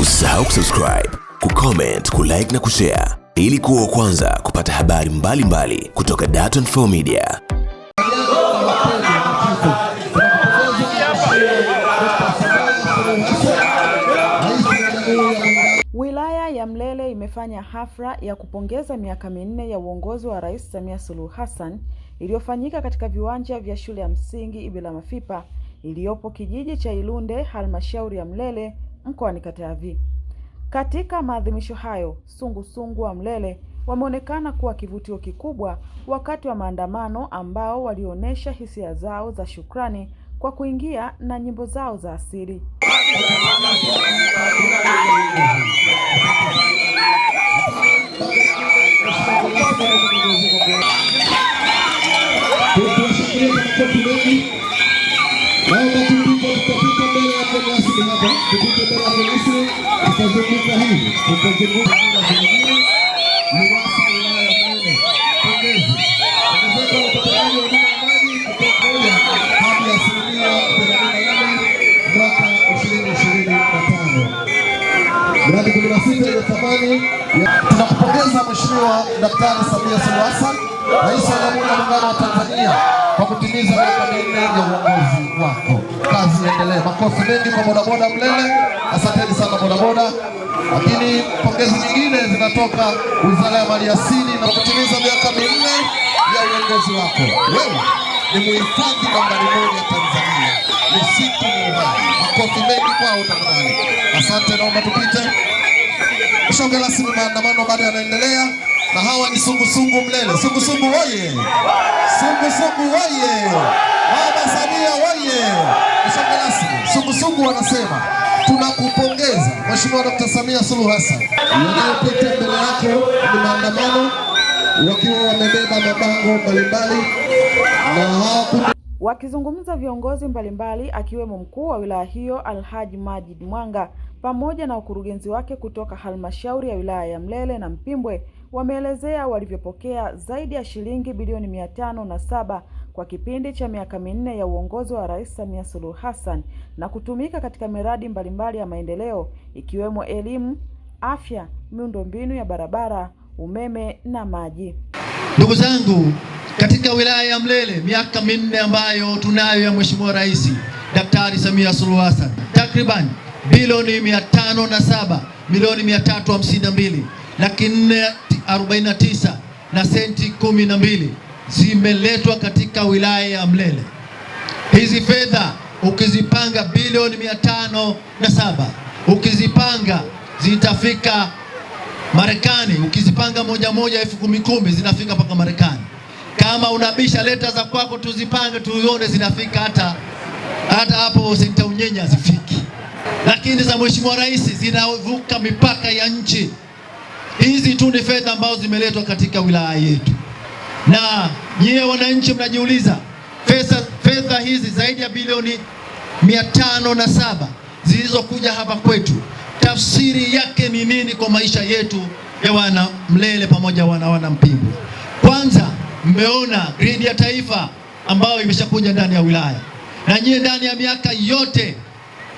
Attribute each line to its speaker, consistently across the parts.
Speaker 1: Usisahau kusubscribe, kucomment, kulike na kushare ili kuwa kwanza kupata habari mbalimbali mbali kutoka Dar24 Media.
Speaker 2: Wilaya ya Mlele imefanya hafla ya kupongeza miaka minne ya uongozi wa Rais Samia Suluhu Hassan iliyofanyika katika viwanja vya shule ya msingi ibila Mafipa iliyopo kijiji cha Ilunde, halmashauri ya Mlele, mkoani Katavi. Katika maadhimisho hayo, sungusungu wa Mlele wameonekana kuwa kivutio kikubwa wakati wa maandamano, ambao walionyesha hisia zao za shukrani kwa kuingia na nyimbo zao za asili. hapa tukuje mbele ya polisi,
Speaker 3: tutazunguka hivi, tutazunguka na vingine Liwasa, wilaya ya Mlele. Pongezi Tunakupongeza Mheshimiwa Daktari Samia Suluhu Hassan, Rais wa Jamhuri ya Muungano wa Tanzania, kwa kutimiza miaka minne ya uongozi wako kazi iendelee. Makofi mengi kwa bodaboda Mlele, asanteni sana bodaboda. Lakini pongezi nyingine zinatoka Wizara ya Maliasili na kutimiza miaka minne ya uongozi wako. Wewe ni muhifadhi nambari moja ya Tanzania, misitu ni uhai. Makofi mengi kwao tafadhali, asante. Naomba tupite shonge rasmi, maandamano bado yanaendelea na hawa ni sungusungu Mlele. Sungusungu oye! Sungusungu oye! Mungu wanasema tunakupongeza Mheshimiwa Dr. Samia Suluhu Hassan. Wanaopita mbele yako ni maandamano wakiwa wamebeba mabango mbalimbali na
Speaker 2: hawaku Wakizungumza viongozi mbalimbali akiwemo mkuu wa wilaya hiyo Alhaji Majid Mwanga pamoja na ukurugenzi wake kutoka halmashauri ya wilaya ya Mlele na Mpimbwe wameelezea walivyopokea zaidi ya shilingi bilioni mia tano na saba kwa kipindi cha miaka minne ya uongozi wa Rais Samia Suluhu Hassan na kutumika katika miradi mbalimbali ya maendeleo ikiwemo elimu, afya, miundombinu ya barabara, umeme na maji.
Speaker 4: Ndugu zangu, katika wilaya ya Mlele miaka minne ambayo tunayo ya Mheshimiwa Rais Daktari Samia Suluhu Hassan takriban bilioni mia tano na saba milioni mia tatu hamsini na mbili laki nne arobaini na tisa na senti kumi na mbili zimeletwa katika wilaya ya Mlele. Hizi fedha ukizipanga bilioni mia tano na saba ukizipanga zitafika Marekani, ukizipanga moja moja elfu kumi kumi zinafika mpaka Marekani. Kama unabisha leta za kwako, tuzipange tuone zinafika hata hata hapo Senta Unyenya hazifiki, lakini za Mheshimiwa Rais zinavuka mipaka ya nchi. Hizi tu ni fedha ambazo zimeletwa katika wilaya yetu na Nyie wananchi mnajiuliza fedha hizi zaidi ya bilioni mia tano na saba zilizokuja hapa kwetu tafsiri yake ni nini kwa maisha yetu ya wana Mlele pamoja wana wana Mpimbwe? Kwanza mmeona gridi ya taifa ambayo imeshakuja ndani ya wilaya, na nyie ndani ya miaka yote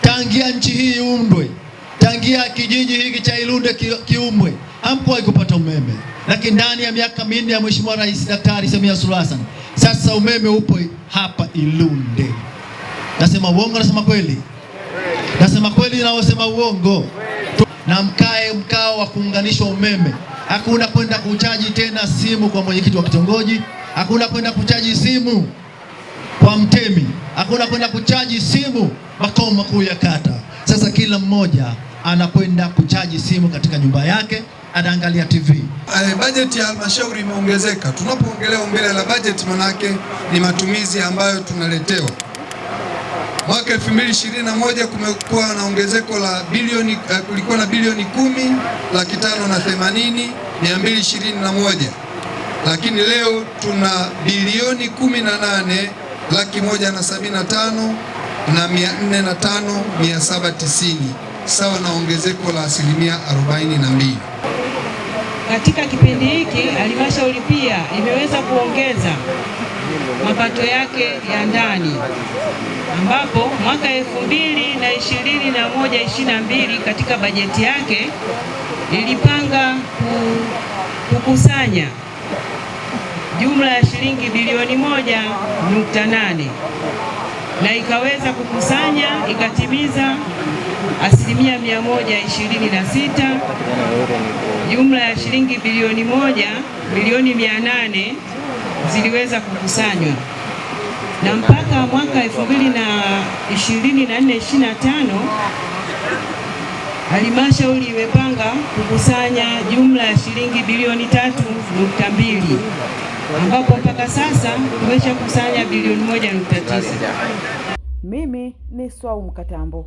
Speaker 4: tangia nchi hii iundwe tangia kijiji hiki cha Ilunde kiumbwe hamkuwahi kupata umeme, lakini ndani ya miaka minne ya Mheshimiwa Rais Daktari Samia Suluhu Hassan sasa umeme upo hapa Ilunde. Nasema uongo? Nasema kweli? Nasema kweli na wasema uongo? Na mkae mkao wa kuunganishwa umeme. Hakuna kwenda kuchaji tena simu kwa mwenyekiti wa kitongoji, hakuna kwenda kuchaji simu kwa mtemi, hakuna kwenda kuchaji simu makao makuu ya kata. Sasa kila mmoja anakwenda kuchaji simu katika nyumba yake, anaangalia TV. Eh,
Speaker 5: bajeti ya halmashauri imeongezeka. Tunapoongelea mbele la bajeti, manake ni matumizi ambayo tunaletewa mwaka 2021 kumekuwa na ongezeko la bilioni uh, kulikuwa na bilioni kumi laki tano na themanini mia mbili ishirini na moja lakini leo tuna bilioni kumi na nane laki moja na sabini na tano na mia nne na tano mia saba tisini sawa na ongezeko la asilimia 42.
Speaker 6: Katika kipindi hiki halmashauri pia imeweza kuongeza mapato yake ya ndani ambapo mwaka elfu mbili na na na mbili katika bajeti yake ilipanga kukusanya jumla ya shilingi bilioni moja nukta nane na ikaweza kukusanya ikatimiza asilimia mia moja ishirini na sita jumla ya shilingi bilioni moja milioni mia nane ziliweza kukusanywa na mpaka mwaka elfu na ishirini4 na tano halmashauri imepanga kukusanya jumla ya shilingi bilioni tatu nukta mbili ambapo mpaka sasa tumeshakusanya bilioni moja nukta tisa.
Speaker 2: Mimi ni Swau Mkatambo.